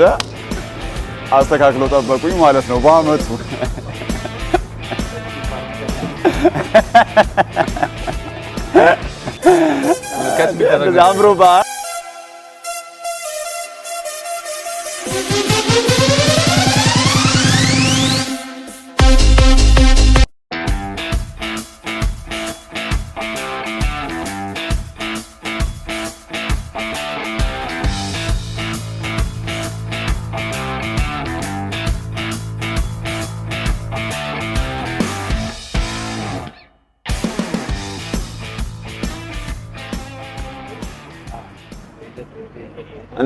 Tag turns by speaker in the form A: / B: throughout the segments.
A: እንደ አስተካክለው ጠበቁኝ ማለት ነው። በአመቱ
B: አምሮ በዓል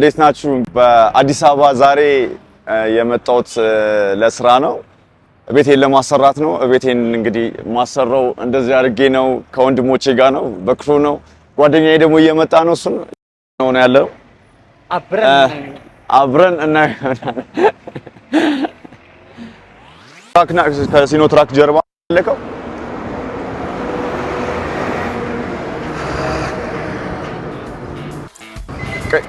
B: እንዴት ናችሁ? በአዲስ አበባ ዛሬ የመጣሁት ለስራ ነው። ቤቴን ለማሰራት ነው። ቤቴን እንግዲህ ማሰራው እንደዚህ አድርጌ ነው። ከወንድሞቼ ጋር ነው፣ በክፍሉ ነው። ጓደኛዬ ደግሞ እየመጣ ነው። እሱ ነው ያለው። አብረን እና ከሲኖ ትራክ ጀርባ ያለከው Okay.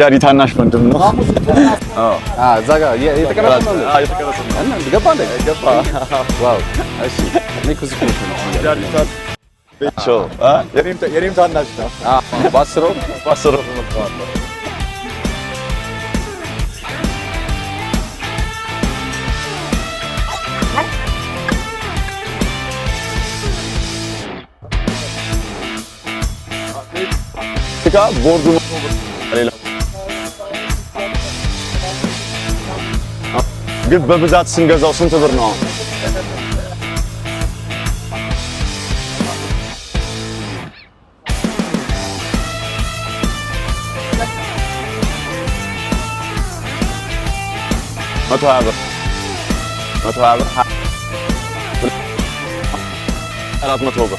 B: ዳዲ ታናሽ ወንድም ነው። እዛ ጋር የተቀረጸ ነው። ገባ እንደ ገባ። ዋው! እሺ፣ እኔ እኮ እዚህ ኮሽ ነው ቤቾ። የኔም ታናሽ ነው። በአስሮ በአስሮ መጥተዋለሁ። Bordumu ሌላ قد ببزات سنقز او سنتظر نوم ما تهابر ما تهابر انا ما تهابر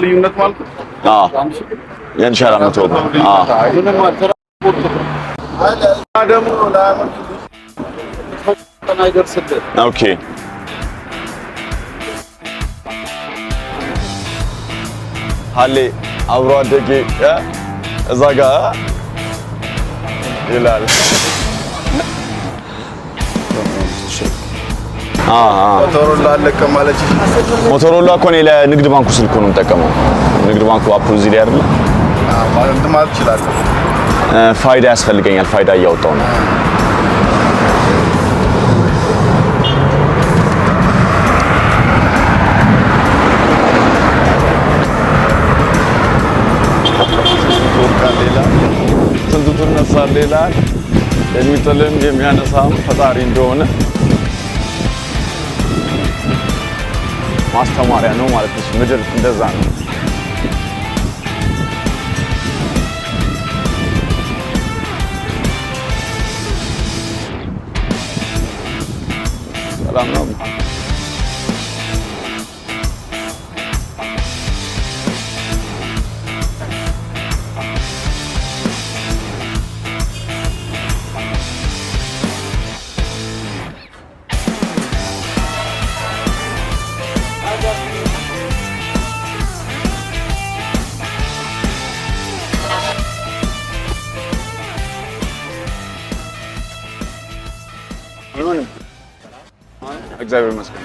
B: ليونت مالك؟ اه ينشر على متوبه اه ኦኬ ሀሌ አብሮ አደጌ እዛ ጋ ይላል። ሞቶሮላ እኮ እኔ ለንግድ ባንኩ ስልክ ነው የምጠቀመው። ንግድ ባንኩ አፕ እዚህ ላይ አይደለ ፋይዳ ያስፈልገኛል። ፋይዳ እያወጣው ነው። ስንቱን የሚጥልም የሚያነሳም ፈጣሪ እንደሆነ ማስተማሪያ ነው ማለት ነው። ምድር እንደዛ ነው። Selamlar. እግዚአብሔር ይመስገን።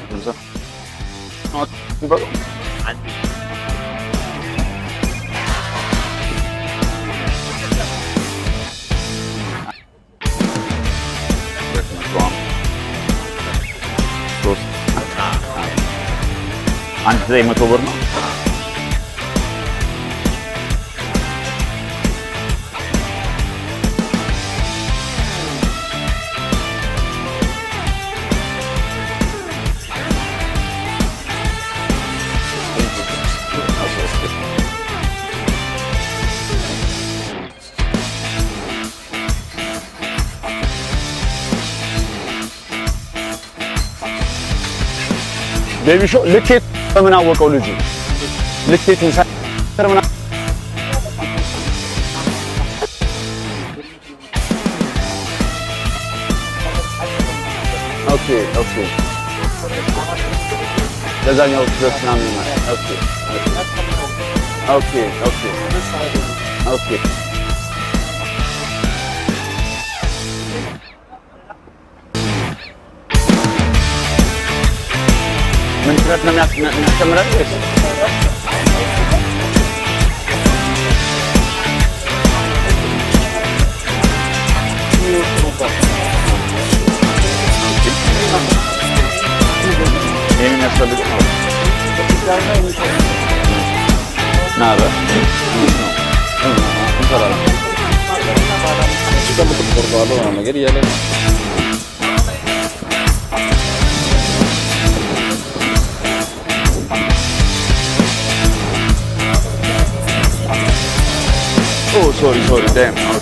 B: አንድ ዘጠኝ መቶ ብር ነው። ቤቢሾ ልኬት በምናወቀው ልጁ ልኬት ኦኬ ኦኬ ለዛኛው ኦኬ ኦኬ ኦኬ ኦኬ ምን ጥረት ነው የሚያስተምረን ስ ነገር እያለ Oh, sorry, sorry, damn.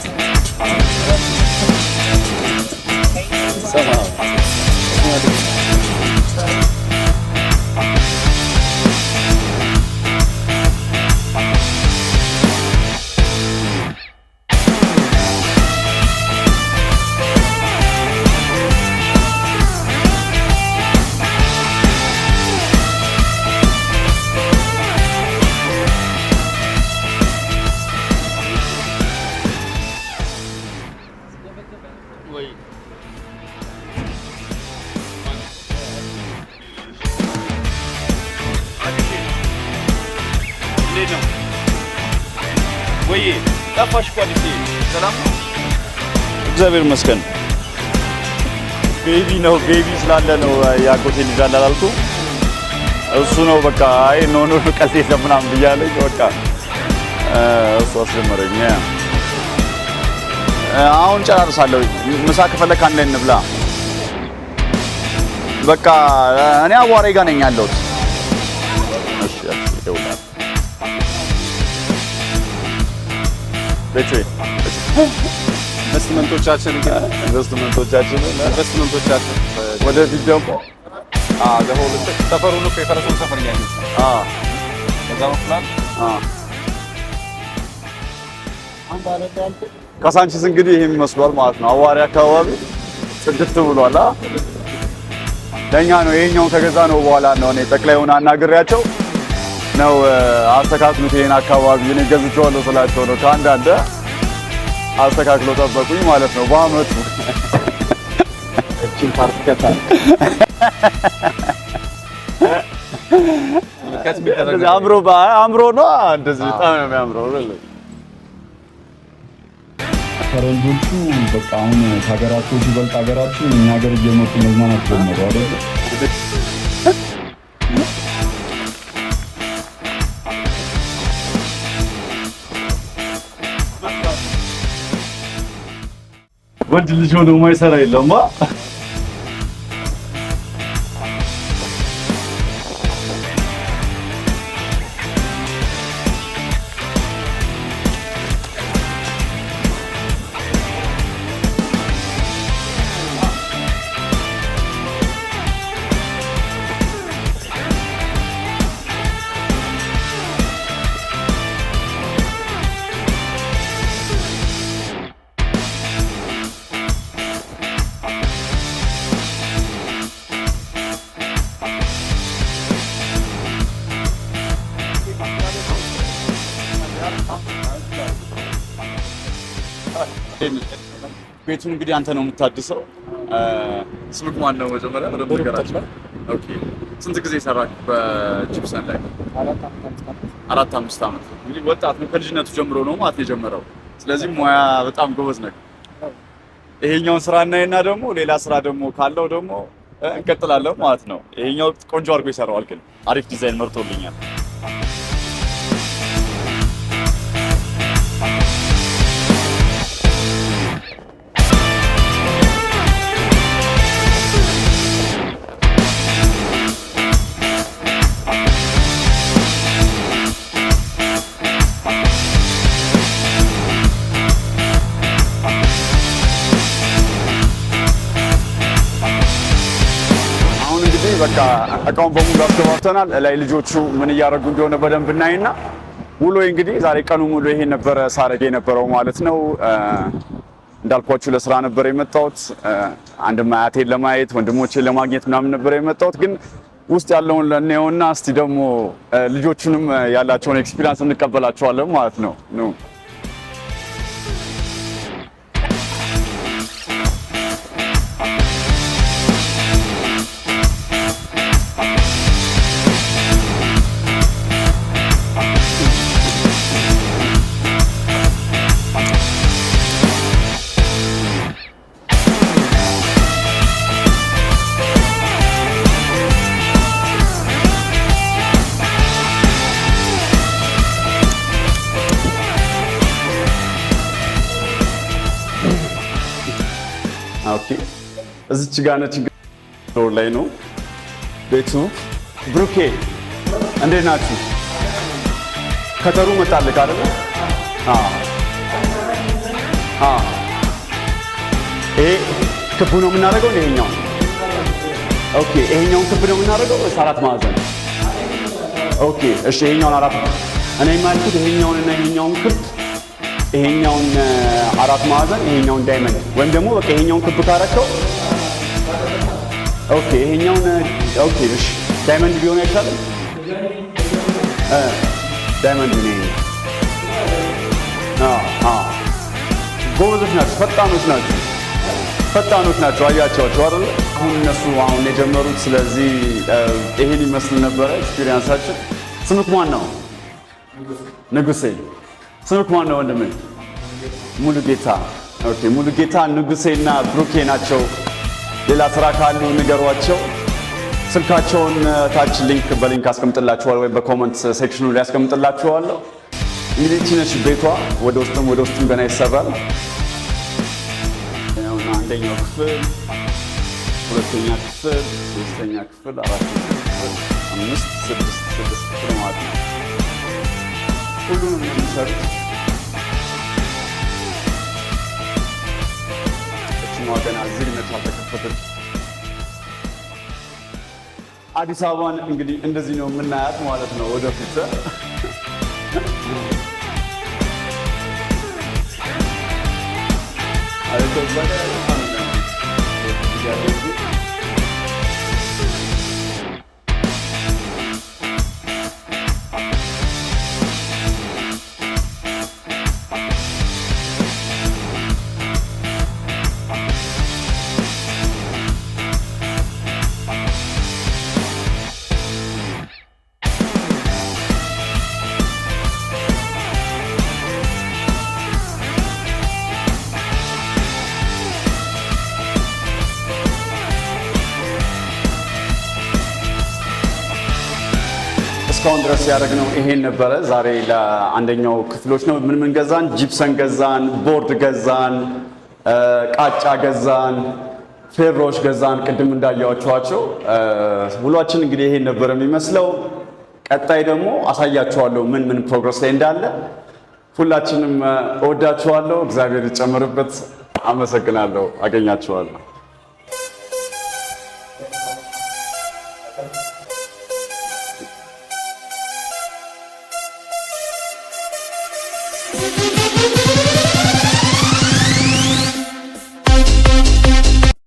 B: እንዴት ነው? ወይ ጠፋሽ እኮ አዲስ። ሰላም ነው? እግዚአብሔር ይመስገን። ቤቢ ነው ቤቢ ስላለ ነው ያጎቴ ልጅ አለ አላልኩህ? እሱ ነው በቃ። አይ ኖ ኖ ቀልድ የለም ምናምን ብያለኝ። በቃ እሱ አስጀመረኝ። አሁን ጨራርሳለሁ። ምሳ ከፈለክ አንድ ላይ እንብላ። በቃ እኔ አዋሬ ጋር ነኝ ያለሁት። እሺ ኢንቨስትመንቶቻችን ኢንቨስትመንቶቻችን ኢንቨስትመንቶቻችን ወደፊት ደግሞ ሰፈሩን እኮ የፈረሰውን ሰፈር ካሳንቺስ እንግዲህ ይህም ይመስሏል ማለት ነው። አዋሪ አካባቢ ጽድት ብሏል። ለእኛ ነው ይሄኛውን ከገዛ ነው በኋላ ነው ጠቅላዩን አናግሬያቸው ነው አስተካክሉት ይሄን አካባቢ እኔ ገዝቼዋለሁ ስላቸው ነው ከአንዳንድ አስተካክሎ ጠበቁኝ ማለት ነው። በአመቱ አምሮ አምሮ ነው እንደዚህ በጣም ነው የሚያምረው። ፈረንጆቹ በቃ አሁን ከሀገራቸው ሲበልጥ ሀገራችን እኛ ሀገር እየመጡ መዝናናት ጀመሩ አይደል? ወንድ ልጅ ሆኖ ማይሰራ የለማ። ቤቱን እንግዲህ አንተ ነው የምታድሰው። ስምክ ማን ነው? መጀመሪያ ወደ ነገራችን። ስንት ጊዜ ሰራክ በጂፕሰን ላይ? አራት አምስት ዓመት። እንግዲህ ወጣት ነው ከልጅነቱ ጀምሮ ነው ማለት የጀመረው። ስለዚህ ሙያ በጣም ጎበዝ ነው። ይሄኛውን ስራ እናይና ደግሞ ሌላ ስራ ደግሞ ካለው ደግሞ እንቀጥላለን ማለት ነው። ይሄኛው ቆንጆ አድርጎ ይሰራዋል፣ ግን አሪፍ ዲዛይን መርቶልኛል? በቃ እቃውን በሙሉ አስገባብተናል። ላይ ልጆቹ ምን እያደረጉ እንደሆነ በደንብ እናይና ውሎ እንግዲህ ዛሬ ቀኑ ሙሉ ይሄ ነበረ ሳረግ የነበረው ማለት ነው። እንዳልኳችሁ ለስራ ነበር የመጣሁት። አንድም አያቴን ለማየት ወንድሞቼን ለማግኘት ምናምን ነበር የመጣሁት ግን ውስጥ ያለውን ለእኔውና እስቲ ደግሞ ልጆቹንም ያላቸውን ኤክስፒሪያንስ እንቀበላቸዋለን ማለት ነው። እዚች ጋ ችግር ዶር ላይ ነው ቤቱ። ብሩኬ እንዴት ናችሁ? ከተሩ መጣልክ አይደለ? ይሄ ክብ ነው የምናደርገው። ይሄኛው ኦኬ፣ ይሄኛውን ክብ ነው የምናደርገው። አራት ማዕዘን ኦኬ። እሺ፣ ይሄኛውን አራት እኔ የማልኩት ይሄኛውን እና ይሄኛውን ክብ ይሄኛውን አራት ማዕዘን ይሄኛውን ዳይመንድ ወይም ደግሞ በቃ ይሄኛውን ክብ ካረከው ኦኬ ይሄኛውን ኦኬ እሺ፣ ዳይመንድ ቢሆን አይሻልም? እ ዳይመንድ ነው። አዎ አዎ፣ ጎበዞች ናቸው፣ ፈጣኖች ናቸው፣ ፈጣኖች ናቸው። አያቸዋቸው አይደል? አሁን እነሱ አሁን የጀመሩት። ስለዚህ ይሄን ይመስል ነበረ ኤክስፒሪየንሳችን። ስምክ ማን ነው? ንጉሴ። ስምክ ማን ነው ወንድሜ? ሙሉ ጌታ። ኦኬ፣ ሙሉ ጌታ ንጉሴና ብሩኬ ናቸው። ሌላ ስራ ካሉ ንገሯቸው። ስልካቸውን ታች ሊንክ በሊንክ አስቀምጥላችኋል ወይም በኮመንት ሴክሽኑ ላይ አስቀምጥላችኋለሁ። እንግዲህ ቺነች ቤቷ ወደ ውስጥም ወደ ውስጥም ገና ይሰራል። አንደኛው ክፍል፣ ሁለተኛ ክፍል፣ ሶስተኛ ክፍል፣ አራተኛ ክፍል፣ አምስት፣ ስድስት፣ ስድስት ክፍል ማለት ነው። ሁሉም የሚሰሩት ማዕዘና ዜግነቷ ተከፈተች። አዲስ አበባን እንግዲህ እንደዚህ ነው የምናያት ማለት ነው ወደፊት Thank እስካሁን ድረስ ያደረግነው ይሄን ነበረ። ዛሬ ለአንደኛው ክፍሎች ነው። ምን ምን ገዛን? ጂፕሰን ገዛን፣ ቦርድ ገዛን፣ ቃጫ ገዛን፣ ፌሮች ገዛን። ቅድም እንዳያችኋቸው ውሏችን እንግዲህ ይሄን ነበረ የሚመስለው። ቀጣይ ደግሞ አሳያችኋለሁ ምን ምን ፕሮግረስ ላይ እንዳለ። ሁላችንም እወዳችኋለሁ። እግዚአብሔር ይጨምርበት። አመሰግናለሁ። አገኛችኋለሁ።